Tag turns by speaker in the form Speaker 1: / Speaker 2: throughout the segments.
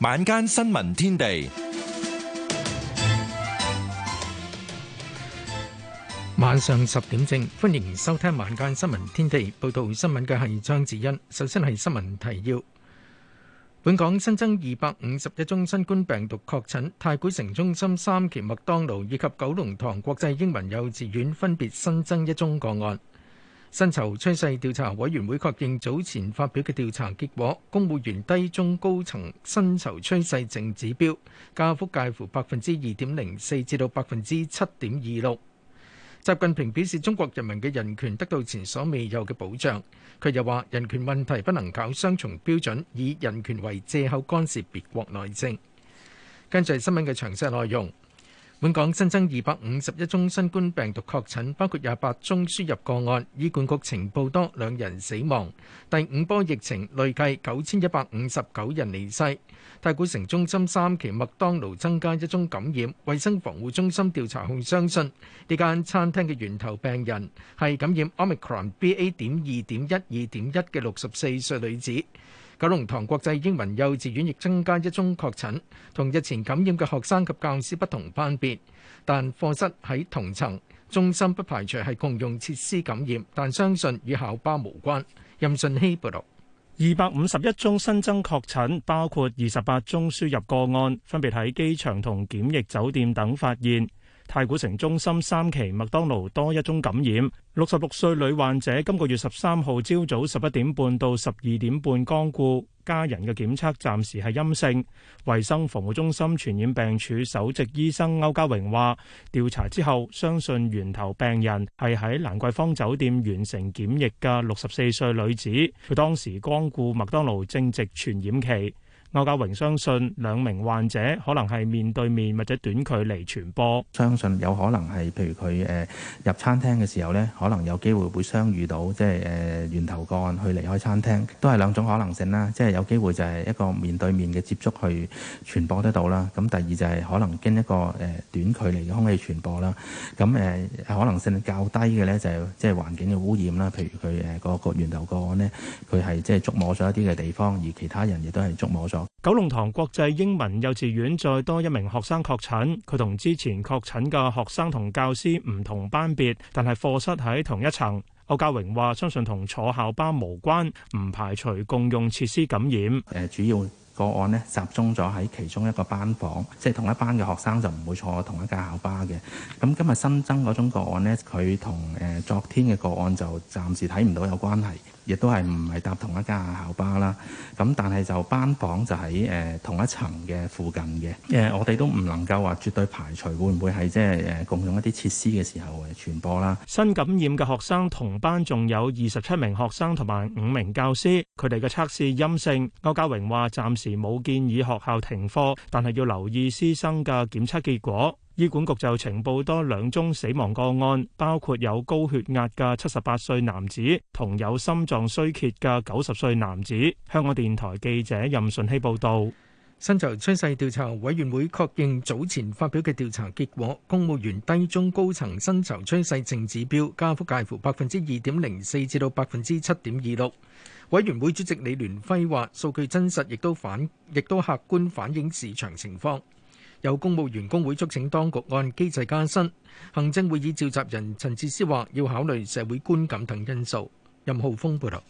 Speaker 1: 晚
Speaker 2: 間新聞天地，晚上十點正，歡迎收聽晚間新聞天地。報道新聞嘅係張智欣。首先係新聞提要，本港新增二百五十一宗新冠病毒確診，太古城中心三期麥當勞以及九龍塘國際英文幼稚園分別新增一宗個案。薪酬趨勢調查委員會確認早前發表嘅調查結果，公務員低中高層薪酬趨勢淨指標，加幅介乎百分之二點零四至到百分之七點二六。習近平表示，中國人民嘅人權得到前所未有嘅保障。佢又話，人權問題不能搞雙重標準，以人權為藉口干涉別國內政。跟住係新聞嘅詳細內容。本港新增二百五十一宗新冠病毒確診，包括廿八宗輸入個案。醫管局情報多兩人死亡，第五波疫情累計九千一百五十九人離世。太古城中心三期麥當勞增加一宗感染，衛生防護中心調查後相信呢間餐廳嘅源頭病人係感染 Omicron B A. 點二點一二點一嘅六十四歲女子。九龍塘國際英文幼稚園亦增加一宗確診，同日前感染嘅學生及教師不同班別，但課室喺同層，中心不排除係共用設施感染，但相信與校巴無關。任信希報道，二百五十一宗新增確診，包括二十八宗
Speaker 1: 輸入個案，分別喺機場同檢疫酒店等發現。太古城中心三期麥當勞多一宗感染，六十六歲女患者今個月十三號朝早十一點半到十二點半光顧，家人嘅檢測暫時係陰性。衛生防護中心傳染病處首席醫生歐家榮話，調查之後相信源頭病人係喺蘭桂坊酒店完成檢疫嘅六十四歲女子，佢當時光顧麥當勞正值傳染期。歐家榮相信兩名患者可能係面對面或者短距離傳播，
Speaker 3: 相信有可能係，譬如佢誒入餐廳嘅時候咧，可能有機會會相遇到，即係誒源頭個案去離開餐廳，都係兩種可能性啦。即係有機會就係一個面對面嘅接觸去傳播得到啦。咁第二就係可能經一個誒短距離嘅空氣傳播啦。咁誒可能性較低嘅咧就係即係環境嘅污染啦。譬如佢誒嗰個源頭個案咧，佢係即係觸摸咗一啲嘅地方，而其他人亦都係觸摸咗。
Speaker 1: 九龍塘國際英文幼稚園再多一名學生確診，佢同之前確診嘅學生同教師唔同班別，但係課室喺同一層。歐家榮話相信同坐校巴
Speaker 3: 無關，唔排除共用設施感染。誒，主要個案呢，集中咗喺其中一個班房，即係同一班嘅學生就唔會坐同一架校巴嘅。咁今日新增嗰種個案呢，佢同誒昨天嘅個案就暫時睇唔到有關係。亦都係唔係搭同一間校巴啦？咁但係就班房就喺誒同一層嘅附近嘅。誒我哋都唔能夠話絕對排除會唔會係，即係誒共用一啲設施嘅時候誒傳播啦。
Speaker 1: 新感染嘅學生同班仲有二十七名學生同埋五名教師，佢哋嘅測試陰性。歐家榮話暫時冇建議學校停課，但係要留意師生嘅檢測結果。醫管局就呈報多兩宗死亡個案，包括有高血壓嘅七十八歲男子同有心臟
Speaker 2: 衰竭嘅九十歲男子。香港電台記者任順希報道。薪酬趨勢調查委員會確認早前發表嘅調查結果，公務員低中高層薪酬趨勢淨指標加幅介乎百分之二點零四至到百分之七點二六。委員會主席李聯輝話：數據真實，亦都反，亦都客觀反映市場情況。有公務員工會促請當局按機制加薪，行政會議召集人陳智思話要考慮社會觀感等因素。任浩峰報道。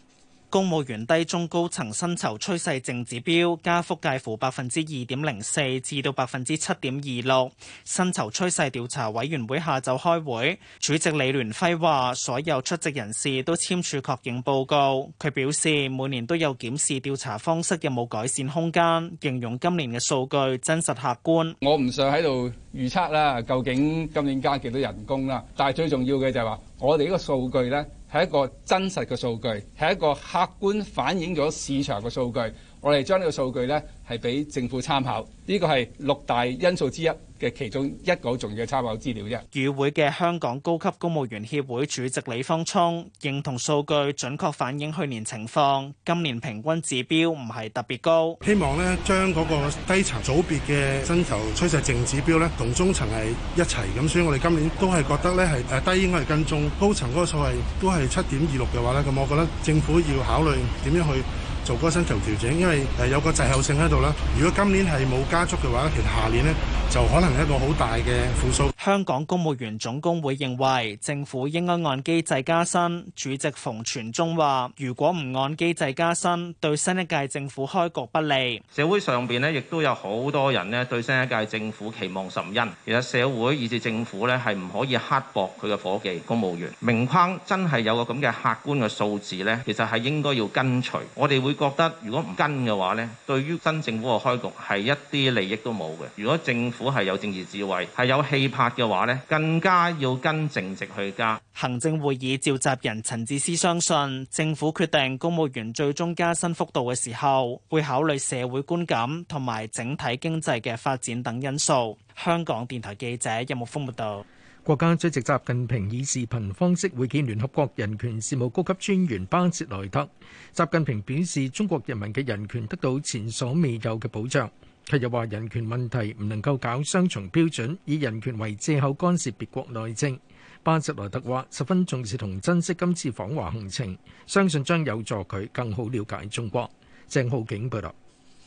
Speaker 2: 公務員低中高層薪酬趨勢淨指標加幅介乎百分之二
Speaker 4: 點零四至到百分之七點二六。薪酬趨勢調查委員會下晝開會，主席李聯輝話：所有出席人士都簽署確認報告。佢表示每年都有檢視調查方式有冇改善空間，形容今年嘅數據真實客觀。我唔想喺度預測啦，究竟今年加幾多人
Speaker 5: 工啦？但係最重要嘅就係話，我哋呢個數據呢。係一個真實嘅數據，係一個客觀反映咗市場嘅數據。我哋將呢個數據咧，係俾政府參
Speaker 1: 考。呢個係六大因素之一嘅其中一個重要參考資料啫。與會嘅
Speaker 4: 香港高級公務員協會主席李方聰認同數據準確反映去年情況，今年平均指標唔係特別高。希望咧將嗰個低
Speaker 6: 層組別嘅薪酬趨勢淨指標咧同中層係一齊，咁所以我哋今年都係覺得咧係誒低應該係跟中，高層嗰個數係都係七點二六嘅話咧，咁我覺得政府要考慮點樣去。做嗰薪酬調整，因為誒有個滯後性喺度啦。如果今年係冇加速嘅話，其實下年呢就可能係一個好大嘅負數。香港公務員總
Speaker 4: 工會認為政府應該按機制加薪。主席馮傳中話如果唔按機制加薪，對新一屆政府開局不利。
Speaker 3: 社會上邊呢亦都有好多人呢對新一屆政府期望甚殷，其實社會以至政府呢係唔可以刻薄佢嘅夥計公務員。明框真係有個咁嘅客觀嘅數字呢，其實係應該要跟隨。我哋會覺得如果唔跟嘅話呢，對於新政府嘅開局係一啲利益都冇嘅。如果政府係有政治智慧、係有氣魄嘅話呢，更加要跟政值去加。行政會議召集人陳智思相信，政府決定
Speaker 4: 公務員最終加薪幅度嘅時候，會考慮社會觀感同埋整體
Speaker 2: 經濟嘅發展等因素。香港電台
Speaker 4: 記者任木峯報道。
Speaker 2: 國家主席習近平以視頻方式會見聯合國人權事務高級專員巴切萊特。習近平表示，中國人民嘅人權得到前所未有嘅保障。佢又話，人權問題唔能夠搞雙重標準，以人權為藉口干涉別國內政。巴切萊特話十分重視同珍惜今次訪華行程，相信將有助佢更好了解中國。鄭浩景報導。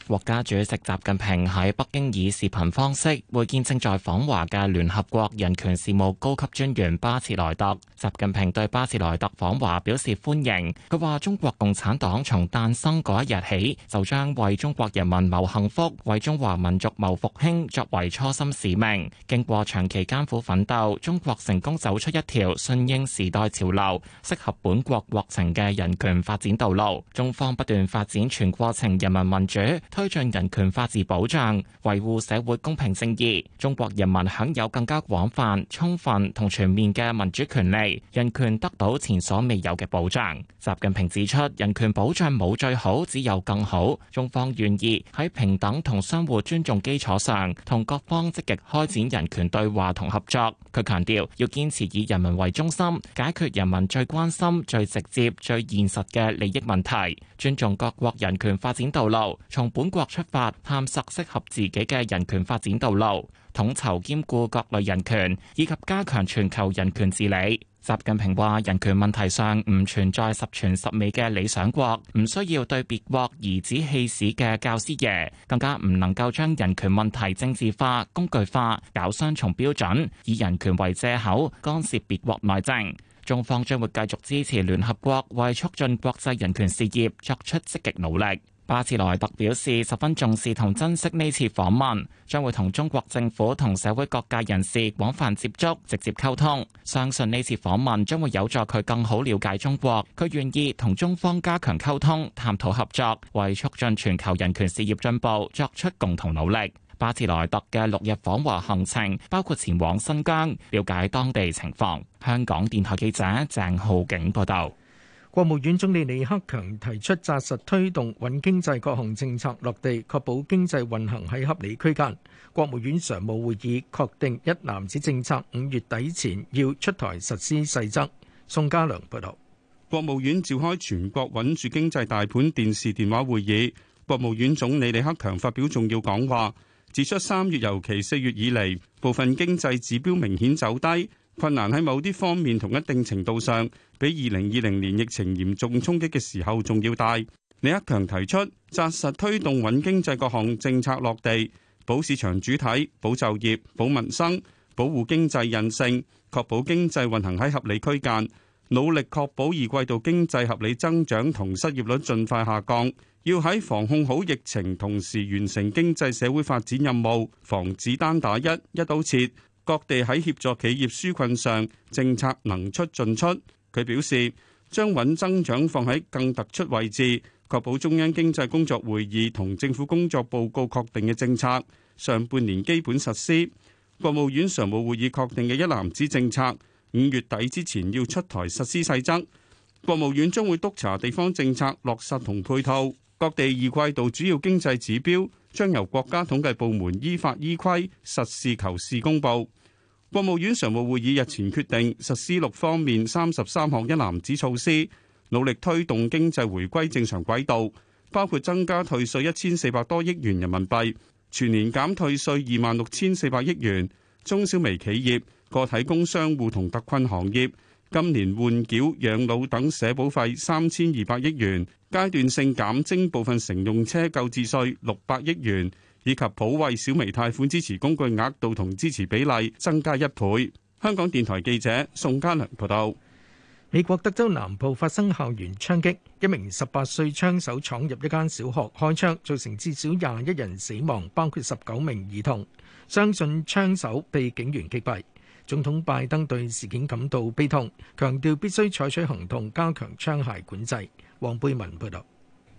Speaker 7: 國家主席習近平喺北京以視頻方式會見正在訪華嘅聯合國人權事務高級專員巴切萊特。習近平對巴切萊特訪華表示歡迎。佢話：中國共產黨從誕生嗰一日起，就將為中國人民謀幸福、為中華民族謀復興作為初心使命。經過長期艱苦奮鬥，中國成功走出一條順應時代潮流、適合本國國情嘅人權發展道路。中方不斷發展全過程人民民主。推進人權法治保障，維護社會公平正義，中國人民享有更加廣泛、充分同全面嘅民主權利，人權得到前所未有嘅保障。習近平指出，人權保障冇最好，只有更好。中方願意喺平等同相互尊重基礎上，同各方積極開展人權對話同合作。佢強調，要堅持以人民為中心，解決人民最關心、最直接、最現實嘅利益問題。尊重各國人權發展道路，從本國出發探索適合自己嘅人權發展道路，統籌兼顧各類人權，以及加強全球人權治理。習近平話：人權問題上唔存在十全十美嘅理想國，唔需要對別國頤指氣使嘅教師爺，更加唔能夠將人權問題政治化、工具化，搞雙重標準，以人權為借口干涉別國內政。中方將會繼續支持聯合國為促進國際人權事業作出積極努力。巴茨萊特表示十分重視同珍惜呢次訪問，將會同中國政府同社會各界人士廣泛接觸、直接溝通，相信呢次訪問將會有助佢更好了解中國。佢願意同中方加強溝通、探討合作，為促進全球人權事業進步作出共同努力。巴切萊特嘅六日訪華行程包括前往新疆了解當地
Speaker 2: 情況。香港電台記者鄭浩景報道。國務院總理李克強提出紮實推動穩經濟各項政策落地，確保經濟運行喺合理區間。國務院常務會議確定一攬子政策，五月底前要出台實施細則。宋家良
Speaker 5: 報道。國務院召開全國穩住經濟大盤電視電話會議，國務院總理李克強發表重要講話。指出三月尤其四月以嚟，部分經濟指標明顯走低，困難喺某啲方面同一定程度上，比二零二零年疫情嚴重衝擊嘅時候仲要大。李克強提出，紮實推動穩經濟各項政策落地，保市場主體，保就業，保民生，保護經濟韌性，確保經濟運行喺合理區間。努力確保二季度經濟合理增長同失業率盡快下降，要喺防控好疫情同時完成經濟社會發展任務，防止單打一一刀切。各地喺協助企業紓困上，政策能出盡出。佢表示將穩增長放喺更突出位置，確保中央經濟工作會議同政府工作報告確定嘅政策上半年基本實施，國務院常務會議確定嘅一攬子政策。五月底之前要出台實施細則，國務院將會督查地方政策落實同配套。各地二季度主要經濟指標將由國家統計部門依法依規實事求是公布。國務院常務會議日前決定實施六方面三十三項一攬子措施，努力推動經濟回歸正常軌道，包括增加退稅一千四百多億元人民幣，全年減退稅二萬六千四百億元，中小微企業。個體工商戶同特困行業今年換繳養老等社保費三千二百億元，階段性減徵部分乘用車購置稅六百億元，以及普惠小微貸款支持工具額度同支持比例增加一倍。香港電台記者宋嘉良報道：
Speaker 2: 美國德州南部發生校園槍擊，一名十八歲槍手闖入一間小學開槍，造成至少廿一人死亡，包括十九名兒童。相信槍手被警員擊斃。總統拜登對事件感到悲痛，強調必須採取行動，加強槍械管制。黃貝文報道，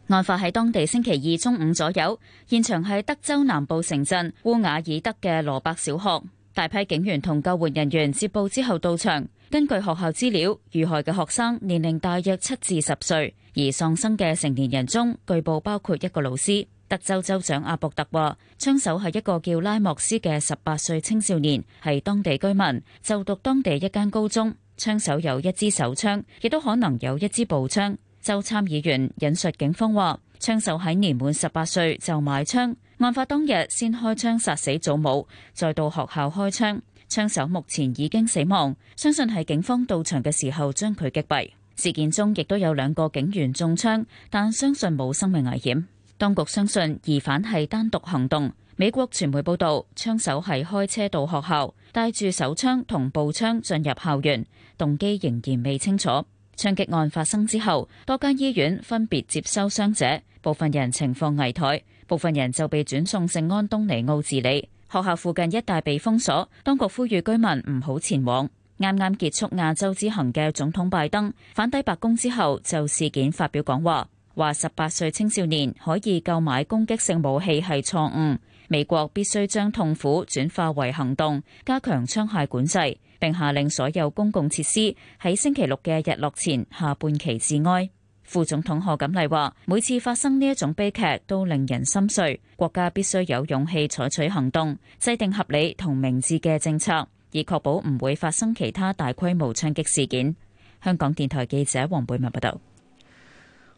Speaker 8: 案發喺當地星期二中午左右，現場係德州南部城鎮烏瓦爾德嘅羅伯小學。大批警員同救援人員接報之後到場。根據學校資料，遇害嘅學生年齡大約七至十歲，而喪生嘅成年人中，據報包括一個老師。德州州長阿伯特話，槍手係一個叫拉莫斯嘅十八歲青少年，係當地居民，就讀當地一間高中。槍手有一支手槍，亦都可能有一支步槍。州參議員引述警方話，槍手喺年滿十八歲就買槍，案發當日先開槍殺死祖母，再到學校開槍。槍手目前已經死亡，相信係警方到場嘅時候將佢擊斃。事件中亦都有兩個警員中槍，但相信冇生命危險。當局相信疑犯係單獨行動。美國傳媒報導，槍手係開車到學校，帶住手槍同步槍進入校園，動機仍然未清楚。槍擊案發生之後，多間醫院分別接收傷者，部分人情況危殆，部分人就被轉送聖安東尼奧治理。學校附近一帶被封鎖，當局呼籲居民唔好前往。啱啱結束亞洲之行嘅總統拜登返抵白宮之後，就事件發表講話。話十八歲青少年可以購買攻擊性武器係錯誤。美國必須將痛苦轉化為行動，加強槍械管制，並下令所有公共設施喺星期六嘅日落前下半旗致哀。副總統賀錦麗話：每次發生呢一種悲劇都令人心碎，國家必須有勇氣採取行動，制定合理同明智嘅政策，以確保唔會發生其他大規模槍擊事件。香港電台記者黃貝文報道。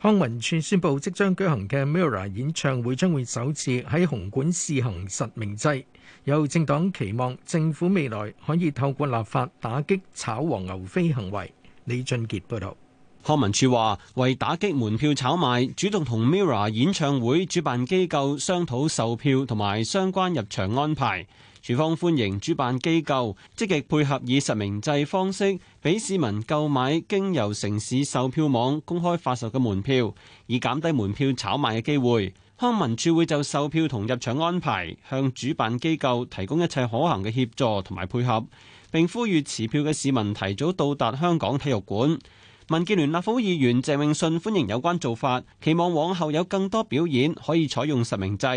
Speaker 8: 康
Speaker 2: 文署宣佈，即將舉行嘅 MIRROR 演唱會將會首次喺紅館試行實名制。有政黨期望政府未來可以透過立法打擊炒黃牛飛行為，李俊杰報道。好
Speaker 9: 好康文署話，為打擊門票炒賣，主動同 MIRROR 演唱會主辦機構商討售票同埋相關入場安排。署方歡迎主辦機構積極配合，以實名制方式俾市民購買經由城市售票網公開發售嘅門票，以減低門票炒賣嘅機會。康文署會就售票同入場安排向主辦機構提供一切可行嘅協助同埋配合，並呼籲持票嘅市民提早到達香港體育館。民建聯立法會議員鄭泳舜歡迎有關做法，期望往後有更多表演可以採用實名制。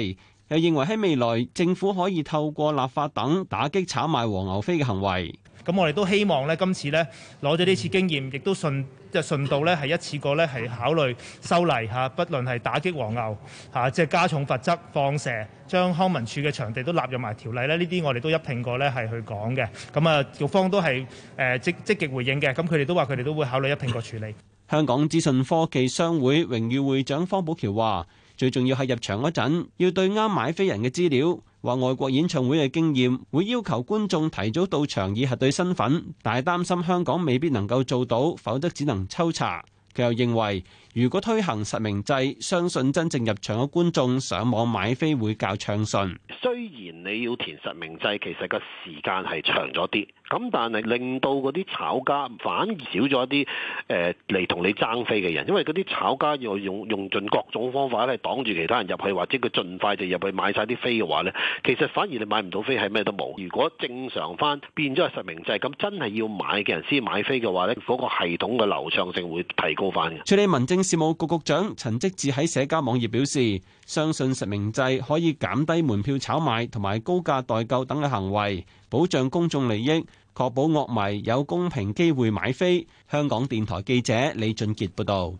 Speaker 9: 又認為喺未來政府可以透過立法等打擊炒賣黃牛飛嘅行為。咁我哋都希望呢，
Speaker 1: 今次呢攞咗呢次經驗，亦都順即係順道呢，係一次過呢係考慮修例嚇，不論係打擊黃牛嚇，即係加重罰則、放蛇，將康文署嘅場地都納入埋條例呢。呢啲我哋都一拼過呢係去講嘅。咁啊，局方都係誒積積極回應嘅。咁佢哋都話佢哋都會考慮一拼過處理。
Speaker 9: 香港資訊科技商會榮譽會長方寶橋話。最重要係入場嗰陣，要對啱買飛人嘅資料，話外國演唱會嘅經驗，會要求觀眾提早到場以核對身份，但係擔心香港未必能夠做到，否則只能抽查。佢又認為。如果推行實名制，相信真正入場嘅觀眾上網買飛會較暢順。
Speaker 3: 雖然你要填實名制，其實個時間係長咗啲，咁但係令到嗰啲炒家反而少咗啲誒嚟同你爭飛嘅人，因為嗰啲炒家要用用盡各種方法咧擋住其他人入去，或者佢盡快就入去買晒啲飛嘅話咧，其實反而你買唔到飛係咩都冇。如果正常翻變咗係實名制，咁真係要買嘅人先買飛嘅話咧，嗰個系統嘅流暢性會提高翻
Speaker 9: 嘅。所以你問政。事務局局長陳積志喺社交網頁表示，相信實名制可以減低門票炒賣同埋高價代購等嘅行為，保障公眾利益，確保樂迷有公
Speaker 2: 平機會買飛。香港電台記者李俊杰報道，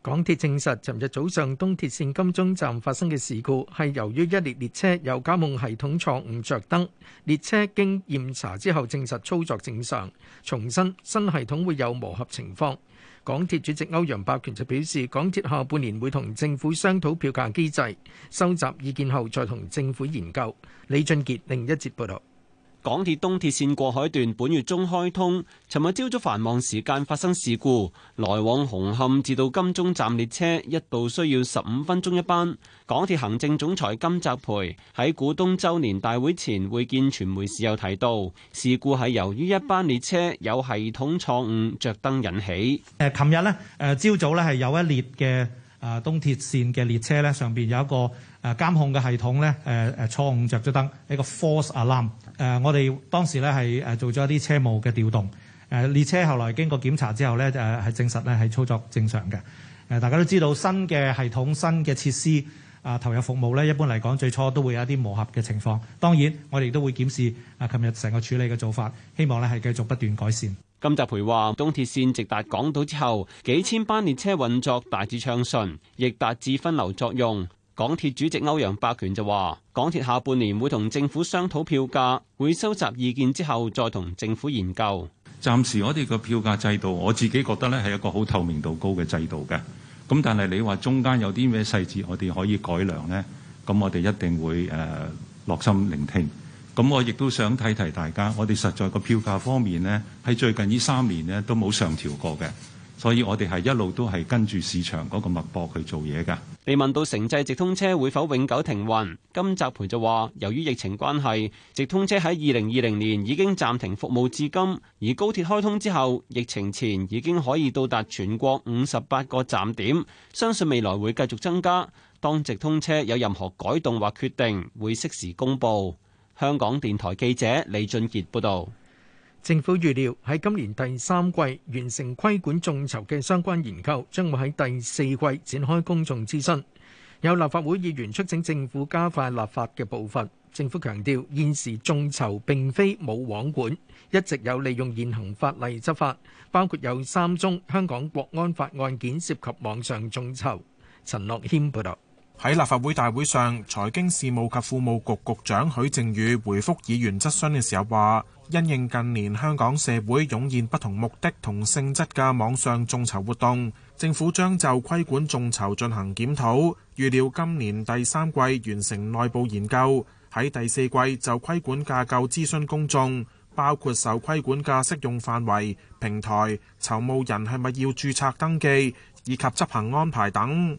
Speaker 2: 港鐵證實，尋日早上東鐵線金鐘站發生嘅事故，係由於一列列車由監控系統錯誤着燈，列車經驗查之後證實操作正常。重申，新系統會有磨合情況。港鐵主席歐陽伯權就表示，港鐵下半年會同政府商討票價機制，收集意見後再同政府研究。李俊傑另一節報道。
Speaker 9: 港鐵東鐵綫過海段本月中開通，尋日朝早繁忙時間發生事故，來往紅磡至到金鐘站列車一度需要十五分鐘一班。港鐵行政總裁金澤培喺股東周年大會前會見傳媒時，有提到事故係由於一班列車有系統錯誤着燈引起。
Speaker 1: 誒，琴日呢，誒，朝早呢係有一列嘅誒東鐵綫嘅列車呢，上邊有一個。誒監控嘅系統咧，誒誒錯誤著咗燈，一個 false alarm。誒、呃，我哋當時咧係誒做咗一啲車務嘅調動。誒、呃、列車後來經過檢查之後咧，誒、呃、係證實咧係操作正常嘅。誒、呃、大家都知道新嘅系統、新嘅設施啊、呃、投入服務咧，一般嚟講最初都會有一啲磨合嘅情況。當然我哋都會檢視啊，琴日成個處理嘅做法，希望咧係繼續不斷改善。
Speaker 9: 金澤培話：東鐵線直達港島之後，幾千班列車運作大致暢順，亦達至分流作用。港鐵主席歐陽伯權就話：港鐵下半年會同政府商討票價，會收集意見之後再同政府研究。暫
Speaker 1: 時我哋個票價制度，我自己覺得咧係一個好透明度高嘅制度嘅。咁但係你話中間有啲咩細節我哋可以改良呢？咁我哋一定會誒落、呃、心聆聽。咁我亦都想提提大家，我哋實在個票價方面呢，喺最近呢三年呢都冇上調過嘅。所以我哋係一路都係跟住市場嗰個脈搏
Speaker 9: 去做嘢噶。被問到城際直通車會否永久停運，金澤培就話，由於疫情關係，直通車喺二零二零年已經暫停服務至今，而高鐵開通之後，疫情前已經可以到達全國五十八個站點，相信未來會繼續增加。當直通車有任何改動或決定，會適時公布。香港電台記者李俊杰報道。
Speaker 2: 政府預料喺今年第三季完成規管眾籌嘅相關研究，將會喺第四季展開公眾諮詢。有立法會議員促請政府加快立法嘅步伐。政府強調，現時眾籌並非冇網管，一直有利用現行法例執法，包括有三宗香港國安法案件涉及網上眾籌。
Speaker 6: 陳樂軒報道。喺立法會大會上，財經事務及庫務局局長許正宇回覆議員質詢嘅時候話，因應近年香港社會湧現不同目的同性質嘅網上眾籌活動，政府將就規管眾籌進行檢討，預料今年第三季完成內部研究，喺第四季就規管架構諮詢公眾，包括受規管嘅適用範圍、平台、籌募人係咪要註冊登記以及執行安排等。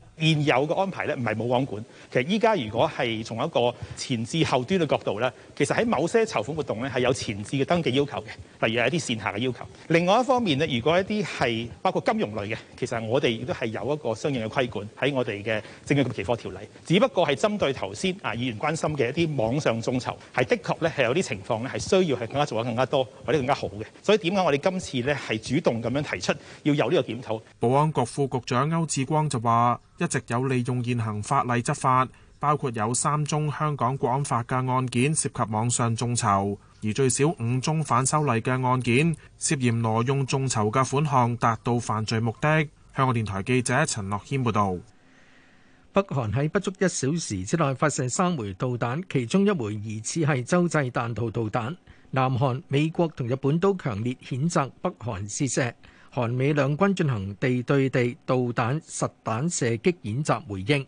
Speaker 6: 現有嘅安排咧，唔係冇網管。其實依家如果係從一個前置後端嘅角度咧，其實喺某些
Speaker 1: 籌款活動咧係有前置嘅登記要求嘅，例如係一啲線下嘅要求。另外一方面咧，如果一啲係包括金融類嘅，其實我哋亦都係有一個相應嘅規管喺我哋嘅證券及期貨條例。只不過係針對頭先啊，議員關心嘅一啲網上眾籌，係的確咧係有啲情況咧係需要係更加做得更加多或者更加好嘅。所以點解我哋今次咧係主動咁樣提出
Speaker 6: 要有呢個檢討？保安局副局長歐志光就話。一直有利用現行法例執法，包括有三宗香港國安法嘅案件涉及網上眾籌，而最少五宗反修例嘅案件涉嫌挪用眾籌嘅款項達到犯罪目的。香港電台記者陳樂謙報道。北韓
Speaker 2: 喺不足一小時之內發射三枚導彈，其中一枚疑似係洲際彈道導彈，南韓美國同日本都強烈譴責北韓試射。韓美兩軍進行地對地導彈實彈射擊演習，回應。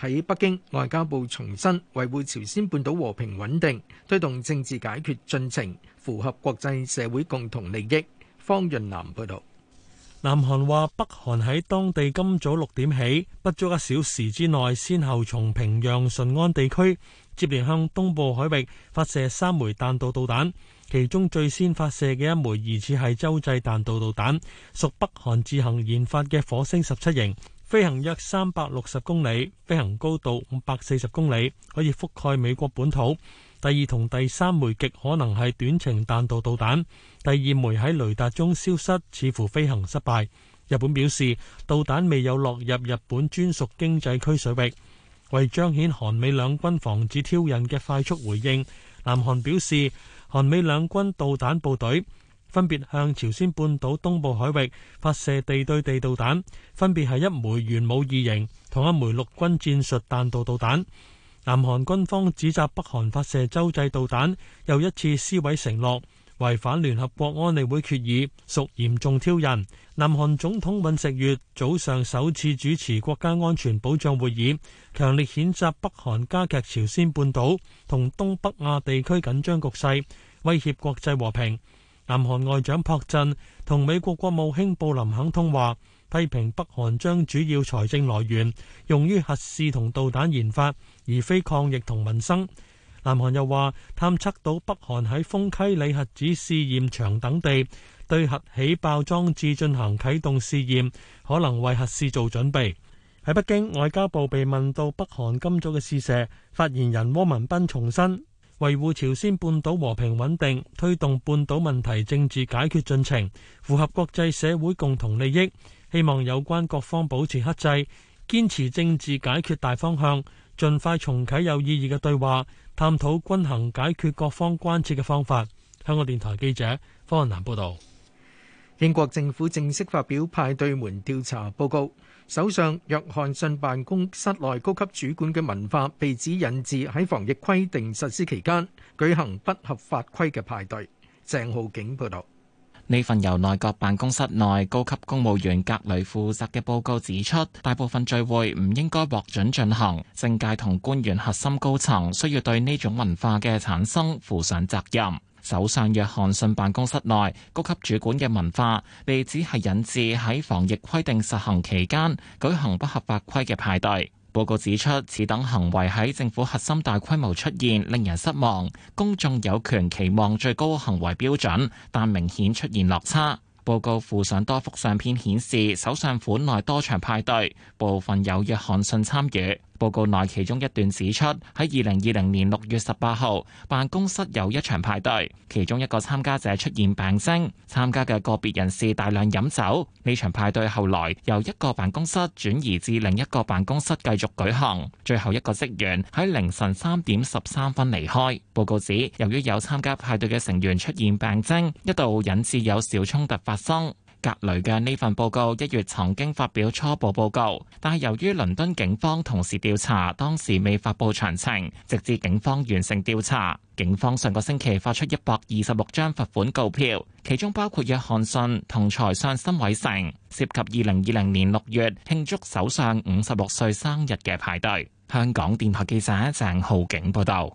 Speaker 2: 喺北京外交部重申維護朝鮮半島和平穩定，推動政治解決進程，符合國際社會共同利益。方潤南報導。
Speaker 10: 南韓話北韓喺當地今早六點起不足一小時之內，先後從平壤、順安地區接連向東部海域發射三枚彈道導彈。其中最先發射嘅一枚疑似係洲際彈道導彈，屬北韓自行研發嘅火星十七型，飛行約三百六十公里，飛行高度五百四十公里，可以覆蓋美國本土。第二同第三枚極可能係短程彈道導彈。第二枚喺雷達中消失，似乎飛行失敗。日本表示導彈未有落入日本專屬經濟區水域。為彰顯韓美兩軍防止挑釁嘅快速回應，南韓表示。韓美兩軍導彈部隊分別向朝鮮半島東部海域發射地對地導彈，分別係一枚元武二型同一枚陸軍戰術彈道導彈。南韓軍方指責北韓發射洲際導彈，又一次撕毀承諾，違反聯合國安理會決議，屬嚴重挑釁。南韓總統尹錫悅早上首次主持國家安全保障會議，強烈譴責北韓加劇朝鮮半島同東北亞地區緊張局勢，威脅國際和平。南韓外長朴振同美國國務卿布林肯通話，批評北韓將主要財政來源用於核試同導彈研發，而非抗疫同民生。南韓又話，探測到北韓喺豐溪里核子試驗場等地，對核起爆裝置進行啟動試驗，可能為核試做準備。喺北京，外交部被問到北韓今早嘅試射，發言人汪文斌重申維護朝鮮半島和平穩定，推動半島問題政治解決進程，符合國際社會共同利益。希望有關各方保持克制，堅持政治解決大方向，盡快重啟有意義嘅對話，探討均衡解決各方關切嘅方法。香港電台記者方雲南報道。
Speaker 2: 英國政府正式發表派對門調查報告，首相約翰遜辦公室內高級主管嘅文化被指引致喺防疫規定實施期間舉行不合法規嘅派對。鄭浩景報道，
Speaker 7: 呢份由內閣辦公室內高級公務員格雷負責嘅報告指出，大部分聚會唔應該獲准進行，政界同官員核心高層需要對呢種文化嘅產生負上責任。首相約翰遜辦公室內高級主管嘅文化被指係引致喺防疫規定實行期間舉行不合法規嘅派對。報告指出，此等行為喺政府核心大規模出現，令人失望。公眾有權期望最高行為標準，但明顯出現落差。報告附上多幅相片顯，顯示首相款內多場派對，部分有約翰遜參與。報告內其中一段指出，喺二零二零年六月十八號，辦公室有一場派對，其中一個參加者出現病徵，參加嘅個別人士大量飲酒。呢場派對後來由一個辦公室轉移至另一個辦公室繼續舉行，最後一個職員喺凌晨三點十三分離開。報告指，由於有參加派對嘅成員出現病徵，一度引致有小衝突發生。格雷嘅呢份報告一月曾經發表初步報告，但係由於倫敦警方同時調查，當時未發佈詳情，直至警方完成調查。警方上個星期發出一百二十六張罰款告票，其中包括約翰遜同財相辛偉誠，涉及二零二零年六月慶祝首相五十六歲生日嘅派對，香港電台記者鄭浩景報道。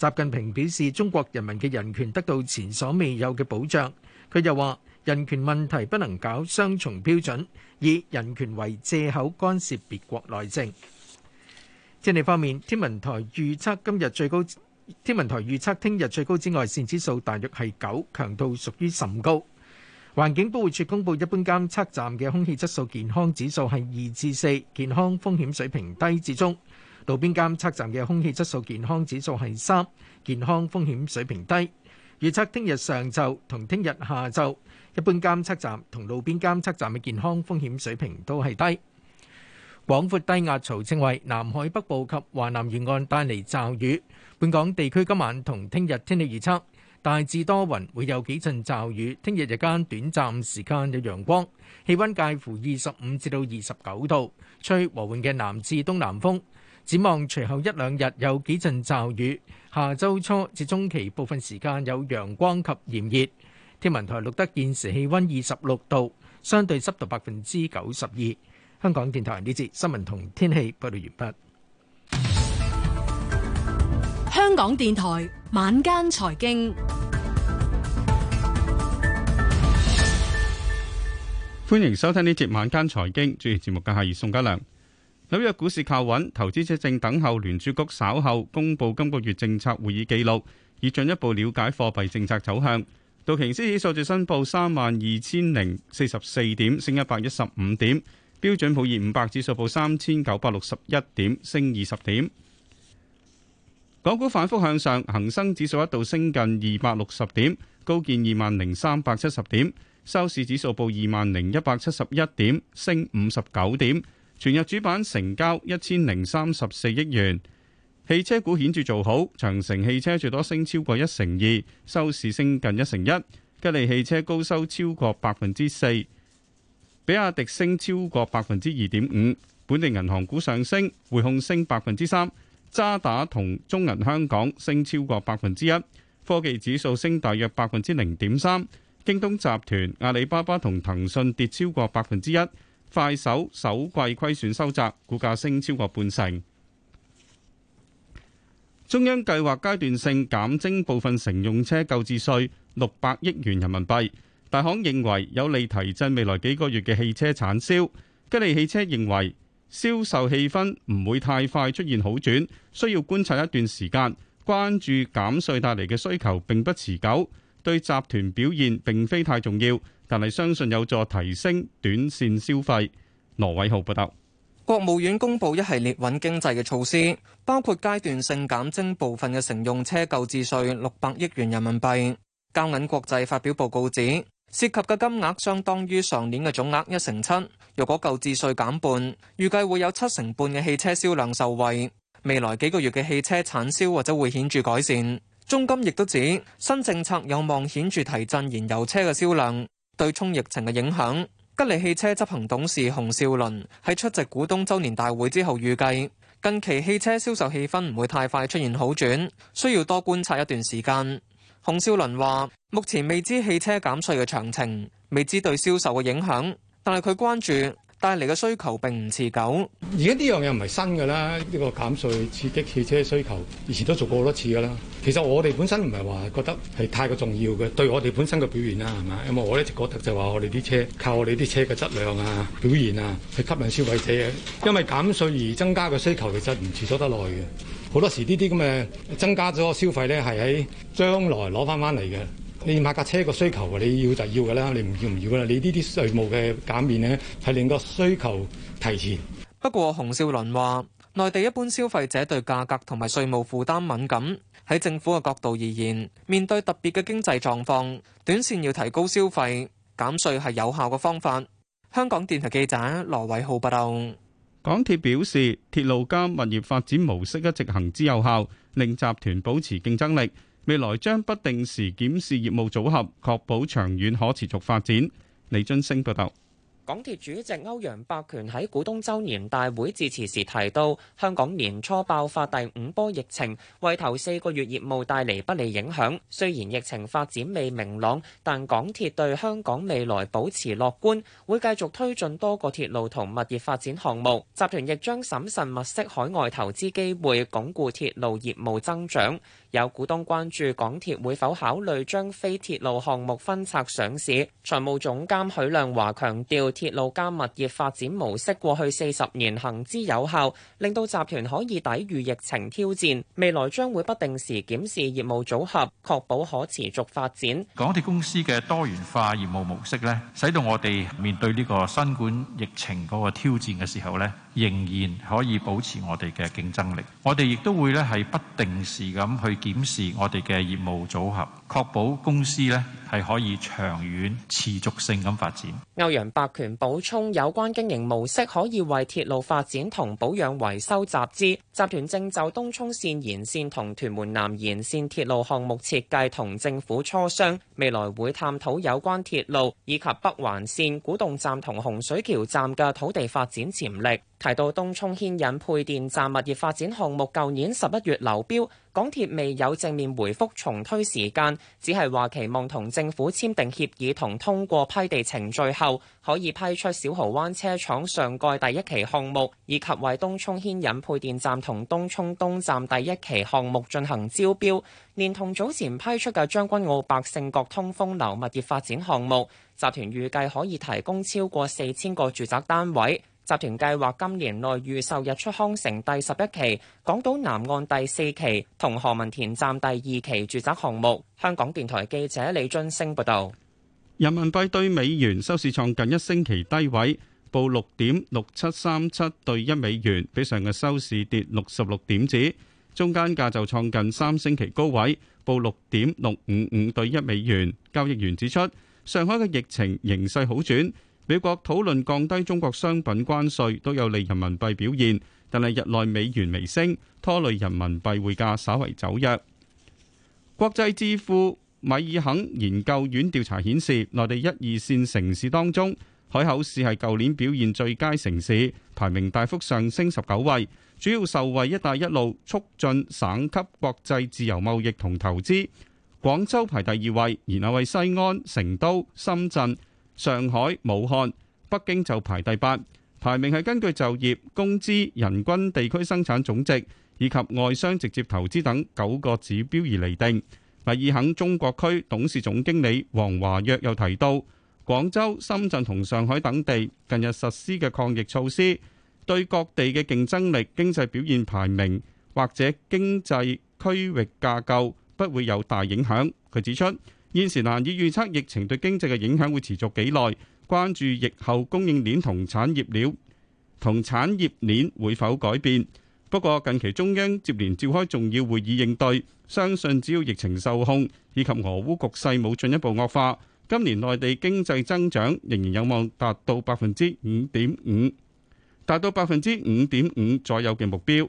Speaker 2: 習近平表示，中國人民嘅人權得到前所未有嘅保障。佢又話：人權問題不能搞雙重標準，以人權為借口干涉別國內政。天氣方面，天文台預測今日最高，天文台預測聽日最高紫外線指數大約係九，強度屬於甚高。環境保護署公布一般監測站嘅空氣質素健康指數係二至四，健康風險水平低至中。路邊監測站嘅空氣質素健康指數係三，健康風險水平低。預測聽日上晝同聽日下晝，一般監測站同路邊監測站嘅健康風險水平都係低。廣闊低壓槽正為南海北部及華南沿岸帶嚟驟雨。本港地區今晚同聽日天氣預測大致多雲，會有幾陣驟雨。聽日日間短暫時間有陽光，氣温介乎二十五至到二十九度，吹和緩嘅南至東南風。展望隨後一兩日有幾陣驟雨，下周初至中期部分時間有陽光及炎熱。天文台錄得現時氣溫二十六度，相對濕度百分之九十二。香港電台呢節新聞同天氣報道完畢。
Speaker 4: 香港電台晚間財經，
Speaker 5: 歡迎收聽呢節晚間財經，主持節目嘅係宋家良。紐約股市靠穩，投資者正等候聯儲局稍後公佈今個月政策會議記錄，以進一步了解貨幣政策走向。道瓊斯指數續升報三萬二千零四十四點，升一百一十五點。標準普爾五百指數報三千九百六十一點，升二十點。港股反復向上，恒生指數一度升近二百六十點，高見二萬零三百七十點，收市指數報二萬零一百七十一點，升五十九點。全日主板成交一千零三十四億元，汽車股顯著做好，長城汽車最多升超過一成二，收市升近一成一；吉利汽車高收超過百分之四，比亞迪升超過百分之二點五。本地銀行股上升，匯控升百分之三，渣打同中銀香港升超過百分之一。科技指數升大約百分之零點三，京東集團、阿里巴巴同騰訊跌超過百分之一。快手首季虧損收窄，股價升超過半成。中央計劃階段性減徵部分乘用車購置稅六百億元人民幣，大行認為有利提振未來幾個月嘅汽車產銷。吉利汽車認為銷售氣氛唔會太快出現好轉，需要觀察一段時間。關注減稅帶嚟嘅需求並不持久，對集團表現並非太重要。但係，相信有助提升短線消費。羅偉浩報道，
Speaker 4: 國務院公布一系列穩經濟嘅措施，包括階段性減徵部分嘅乘用車購置稅六百億元人民幣。交銀國際發表報告指，涉及嘅金額相當於上年嘅總額一成七。若果購置稅減半，預計會有七成半嘅汽車銷量受惠。未來幾個月嘅汽車產銷或者會顯著改善。中金亦都指，新政策有望顯著提振燃油車嘅銷量。對沖疫情嘅影響，吉利汽車執行董事洪少麟喺出席股東周年大會之後預計，近期汽車銷售氣氛唔會太快出現好轉，需要多觀察一段時間。洪少麟話：目前未知汽車減稅嘅詳情，未知對銷售嘅影響，但係佢關注，帶嚟嘅需求並唔持久。而家呢
Speaker 1: 樣嘢唔係新㗎啦，呢個減稅刺激汽車需求，以前都做過好多次㗎啦。其實我哋本身唔係話覺得係太過重要嘅，對我哋本身嘅表現啦，係嘛？因為我一直覺得就話我哋啲車靠我哋啲車嘅質量啊、表現啊，去吸引消費者。因為減稅而增加嘅需求，其實唔持久得耐嘅。好多時呢啲咁嘅增加咗消費咧，係喺將來攞翻翻嚟嘅。你買架車個需求，你要就要㗎啦，你唔要，唔要㗎啦。你呢啲稅務嘅減免呢，係令個需求提前。不過，洪少
Speaker 4: 麟話，內地一般消費者對價格同埋稅務負擔敏感，喺政府嘅角度而言，面對特別嘅經濟狀況，短線要提高消費，減稅係有效嘅方法。香港電台記者羅偉浩報道。
Speaker 5: 港鐵表示，鐵路加物業發展模式一直行之有效，令集團保持競爭力。未來將不定時檢視業務組合，確保長遠可持續發展。李津升報道。
Speaker 11: 港鐵主席歐陽伯權喺股東周年大會致辭時提到，香港年初爆發第五波疫情，為頭四個月業務帶嚟不利影響。雖然疫情發展未明朗，但港鐵對香港未來保持樂觀，會繼續推進多個鐵路同物業發展項目。集團亦將審慎物色海外投資機會，鞏固鐵路業務增長。有股東關注港鐵會否考慮將非鐵路項目分拆上市。財務總監許亮華強調。鐵路加物業發展模式過去四十年行之有效，令到集團可以抵禦疫情挑戰。未來將會不定時檢視業務組合，確保可持續發展。
Speaker 3: 港鐵公司嘅多元化業務模式呢，使到我哋面對呢個新冠疫情嗰個挑戰嘅時候呢，仍然可以保持我哋嘅競爭力。我哋亦都會咧係不定時咁去檢視我哋嘅業務組合，確保公司呢，係可以長遠持續性咁發展。
Speaker 11: 歐陽伯權補充有關經營模式，可以為鐵路發展同保養維修集資。集團正就東涌線延線同屯門南延線鐵路項目設計同政府磋商，未來會探討有關鐵路以及北環線古洞站同洪水橋站嘅土地發展潛力。提到東涌牽引配電站物業發展項目，舊年十一月流標，港鐵未有正面回覆重推時間，只係話期望同政府簽訂協議同通過批地程序後，可以批出小蠔灣車廠上蓋第一期項目，以及為東涌牽引配電站同東涌東站第一期項目進行招標，連同早前批出嘅將軍澳百勝角通風樓物業發展項目，集團預計可以提供超過四千個住宅單位。集團計劃今年內預售日出康城第十一期、港島南岸第四期同何文田站第二期住宅項目。香港電台記者李津升報道。
Speaker 5: 人民幣對美元收市創近一星期低位，報六點六七三七對一美元，比上日收市跌六十六點子。中間價就創近三星期高位，報六點六五五對一美元。交易員指出，上海嘅疫情形勢好轉。美國討論降低中國商品關稅，都有利人民幣表現，但係日內美元微升，拖累人民幣匯價稍為走弱。國際智庫米爾肯研究院調查顯示，內地一二線城市當中，海口市係舊年表現最佳城市，排名大幅上升十九位，主要受惠一帶一路促進省級國際自由貿易同投資。廣州排第二位，然後為西安、成都、深圳。上海、武漢、北京就排第八，排名係根據就業、工資、人均地區生產總值以及外商直接投資等九個指標而嚟定。米爾肯中國區董事總經理黃華約又提到，廣州、深圳同上海等地近日實施嘅抗疫措施，對各地嘅競爭力、經濟表現排名或者經濟區域架構不會有大影響。佢指出，現時難以預測疫情對經濟嘅影響會持續幾耐，關注疫後供應鏈同產業鏈同產業鏈會否改變。不過近期中央接連召開重要會議應對，相信只要疫情受控以及俄烏局勢冇進一步惡化，今年內地經濟增長仍然有望達到百分之五點五，達到百分之五點五左右嘅目標。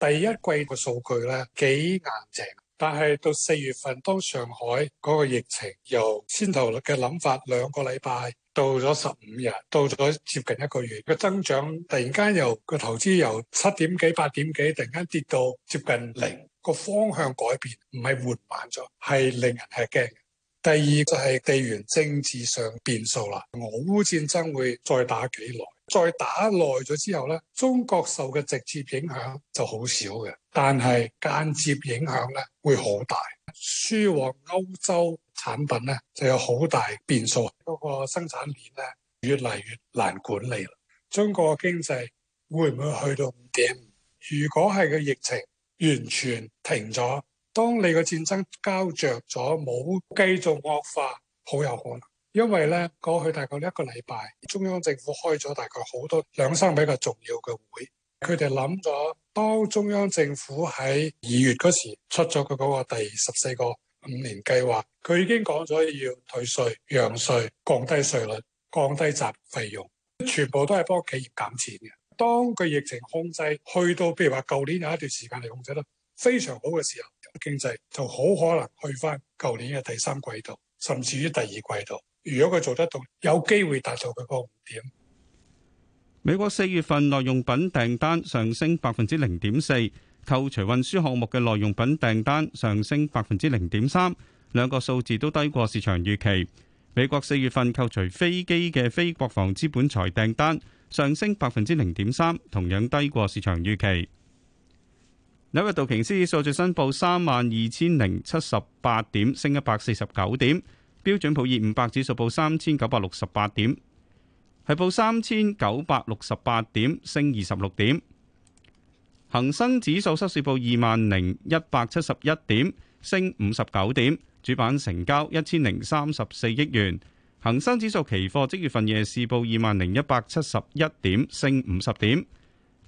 Speaker 12: 第一季個數據呢幾硬淨。但係到四月份，當上海嗰個疫情由先頭嘅諗法，兩個禮拜到咗十五日，到咗接近一個月，個增長突然間由個投資由七點幾、八點幾，突然間跌到接近零，個方向改變，唔係緩慢咗，係令人吃驚。第二就係、是、地緣政治上變數啦，俄烏戰爭會再打幾耐？再打耐咗之後呢，中國受嘅直接影響就好少嘅，但係間接影響呢會好大。輸往歐洲產品呢就有好大變數，嗰個生產鏈呢越嚟越難管理啦。中國經濟會唔會去到五點？如果係個疫情完全停咗，當你個戰爭膠着咗，冇繼續惡化，好有可能。因為咧，過去大概一個禮拜，中央政府開咗大概好多兩三比較重要嘅會，佢哋諗咗，當中央政府喺二月嗰時出咗佢個第十四個五年計劃，佢已經講咗要退稅、讓稅、降低稅率、降低集費用，全部都係幫企業減錢嘅。當個疫情控制去到，譬如話舊年有一段時間嚟，控制得非常好嘅時候，經濟就好可能去翻舊年嘅第三季度，甚至於第二季度。如果佢做得到，有機會達到佢個目標。
Speaker 5: 美國四月份耐用品訂單上升百分之零點四，扣除運輸項目嘅耐用品訂單上升百分之零點三，兩個數字都低過市場預期。美國四月份扣除飛機嘅非國防資本財訂單上升百分之零點三，同樣低過市場預期。紐約道瓊斯數據收報三萬二千零七十八點，升一百四十九點。標準普爾五百指數報三千九百六十八點，係報三千九百六十八點，升二十六點。恒生指數收市報二萬零一百七十一點，升五十九點。主板成交一千零三十四億元。恒生指數期貨即月份夜市報二萬零一百七十一點，升五十點。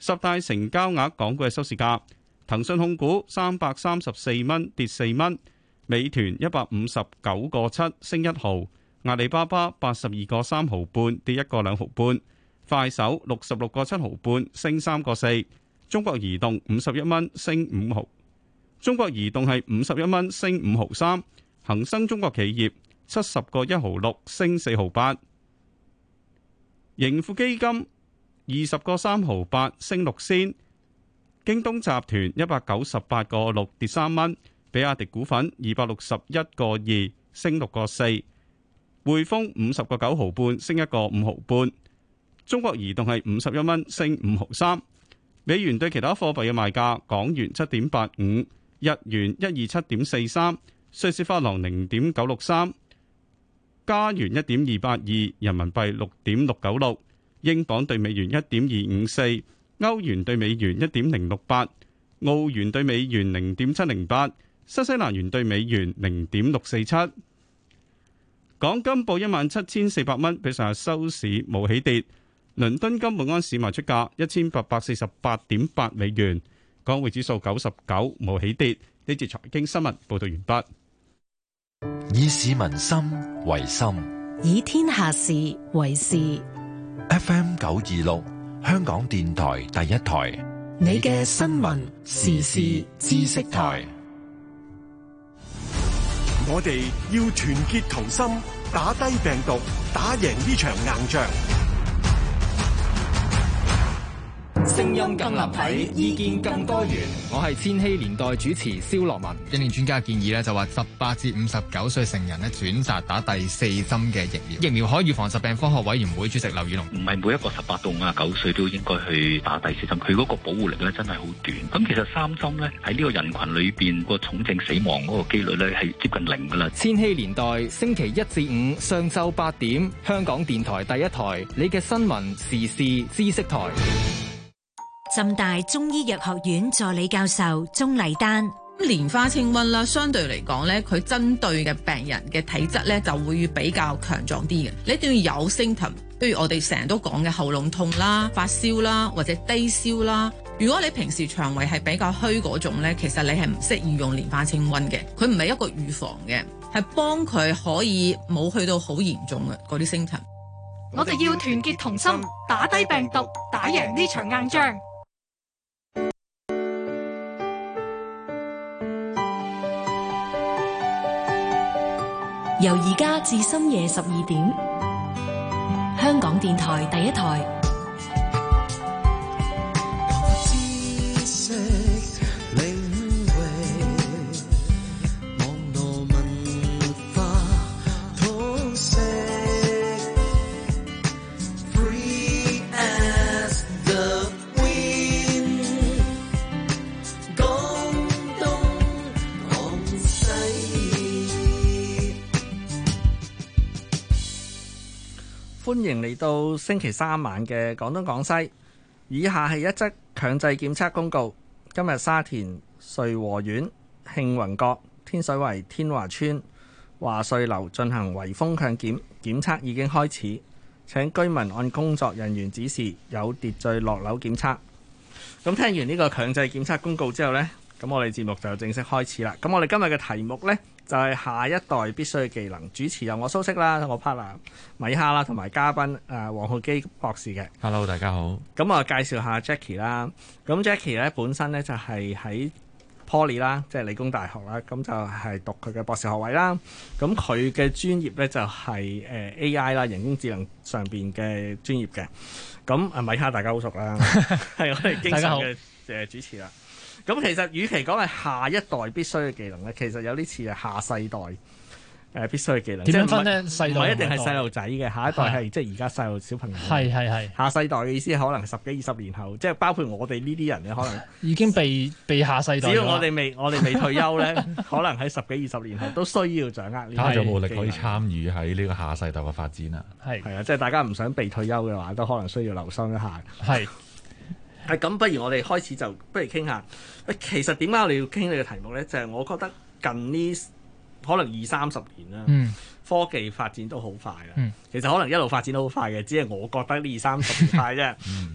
Speaker 5: 十大成交額港股嘅收市價。騰訊控股三百三十四蚊，跌四蚊。美團一百五十九個七升一毫，阿里巴巴八十二個三毫半跌一個兩毫半，快手六十六個七毫半升三個四，中國移動五十一蚊升五毫，中國移動係五十一蚊升五毫三，恒生中國企業七十個一毫六升四毫八，盈富基金二十個三毫八升六仙，京東集團一百九十八個六跌三蚊。比亞迪股份二百六十一個二升六個四，匯豐五十個九毫半升一個五毫半。中國移動係五十一蚊升五毫三。美元對其他貨幣嘅賣價：港元七點八五，日元一二七點四三，瑞士法郎零點九六三，加元一點二八二，人民幣六點六九六，英鎊對美元一點二五四，歐元對美元一點零六八，澳元對美元零點七零八。新西蘭元對美元零點六四七，港金報一萬七千四百蚊，比上日收市冇起跌。倫敦金本安市賣出價一千八百四十八點八美元，港匯指數九十九冇起跌。呢節財經新聞報道完畢。以市民心為心，以天下
Speaker 4: 事為事。
Speaker 3: FM 九二六，香港電台第一台，
Speaker 7: 你嘅新聞時事
Speaker 3: 知識台。
Speaker 1: 我哋要團結同心，打低病毒，打贏呢場硬仗。聲音
Speaker 4: 更立體，意
Speaker 5: 見更多元。
Speaker 4: 我係千禧年代主持蕭樂文。醫療專家建議咧，就話十八至五十九歲成人咧，選擇打第四針嘅疫苗。疫苗可預防疾病科學委員會主席劉宇龍：唔
Speaker 3: 係每一個十八到五啊九歲都應該去打第四針，佢嗰個保護力咧真係好短。咁其實三針咧喺呢個人群裏邊個重症死亡嗰個幾率咧係接近零噶啦。
Speaker 4: 千禧年代星期一至五上晝八點，香港電台第一台，你嘅新聞時事知識台。
Speaker 8: 浸大中醫藥學院助理教授鍾麗丹：咁蓮花清瘟啦，相對嚟講咧，佢針對嘅病人嘅體質咧，就會比較強壯啲嘅。你一定要
Speaker 4: 有 symptom，譬如我哋成日都講嘅喉嚨痛啦、發燒啦或者低燒啦。如果你平時腸胃係比較虛嗰種咧，其實你係唔適宜用蓮花清瘟嘅。佢唔係一個預防嘅，係幫佢可以冇去到好嚴重嘅嗰啲 symptom。我哋要團結同心，打低病毒，打贏呢場硬仗。由而家至深夜十二點，香港電台第一台。
Speaker 13: 歡迎嚟到星期三晚嘅廣東廣西。以下係一則強制檢測公告。今日沙田瑞和苑、慶雲閣、天水圍天華村、華瑞樓進行圍封強檢，檢測已經開始，請居民按工作人員指示有秩序落樓檢測。咁聽完呢個強制檢測公告之後呢，咁我哋節目就正式開始啦。咁我哋今日嘅題目呢。就係下一代必須技能，主持由我蘇軾啦，我 partner 米哈啦，同埋嘉賓誒黃浩基博士嘅。Hello，大家好。咁啊，介紹下 Jackie 啦。咁 Jackie 咧本身咧就係喺 Poly 啦，即係理工大學啦，咁就係讀佢嘅博士學位啦。咁佢嘅專業咧就係誒 AI 啦，人工智能上邊嘅專業嘅。咁啊，米哈大家好熟啦，係 我哋經常嘅誒主持啦。 咁其實，與其講係下一代必須嘅技能咧，其實有啲似係下世代誒必須嘅技能。點分咧？世代一定係細路仔嘅，下一代係即係而家細路小朋友。係係係下世代嘅意思，可能十幾二十年後，即係包括我哋呢啲人嘅，可能已經被被下世代。只要我哋未我哋未退休咧， 可能喺十幾二十年後都需要掌握呢啲。有冇力可以
Speaker 7: 參與喺呢個下世代嘅發展啦？
Speaker 13: 係係啊，即係大家唔想被退休嘅話，都可能需要留心一下。係的。係咁，不如我哋開始就不如傾下。喂，其實點解我哋要傾呢個題目呢？就係、是、我覺得近呢可能二三十年啦，嗯、科技發展都好快啦。嗯、其實可能一路發展都好快嘅，只係我覺得呢二三十年快啫。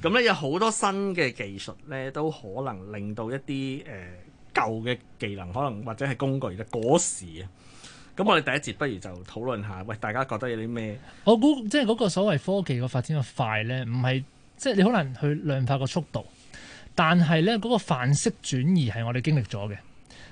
Speaker 13: 咁呢、嗯，有好多新嘅技術呢都可能令到一啲誒、呃、舊嘅技能，可能或者係工具嘅過時啊。咁我哋第一節不如就討論下，喂，大家覺得有啲咩？我估即係
Speaker 1: 嗰個所謂科技個發展嘅快呢，唔係。即係你好難去量化個速度，但係咧嗰個泛式轉移係我哋經歷咗嘅，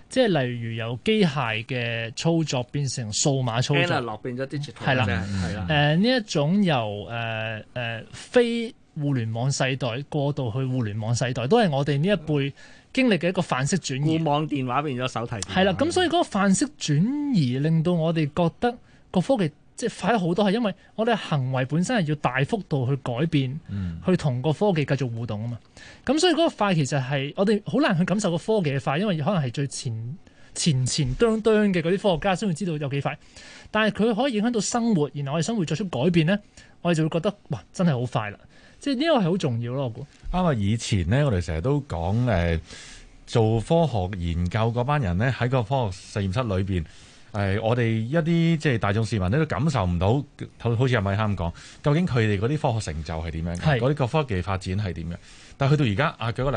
Speaker 1: 即係例如由機械嘅操作變成數碼操作。Analog
Speaker 13: 變咗 Digital 啦，
Speaker 1: 誒呢、呃、一種由誒誒、呃呃、非互聯網世代過渡去互聯網世代，都係我哋呢一輩經歷嘅一個泛式轉移。固網電話變咗手提電話係啦，咁所以嗰個泛式轉移令到我哋覺得個科技。即係快咗好多，係因為我哋行為本身係要大幅度去改變，嗯、去同個科技繼續互動啊嘛。咁所以嗰個快其實係我哋好難去感受個科技嘅快，因為可能係最前前前端端嘅嗰啲科學家先會知道有幾快。但係佢可以影響到生活，然後我哋生活作出改變呢，我哋就會覺得哇，真係好快啦！即係呢個係好重要咯，我估。啱啊！以前呢，我哋成日都講誒、呃、做科學研究嗰班人呢，喺個科學實驗室裏邊，係我哋一啲即係大眾市民咧都感受唔到，好好似阿米哈咁講，究竟佢哋啲科學成就係點樣？嗰啲個科技發展係點樣，但係去到而家，啊舉個
Speaker 7: 例。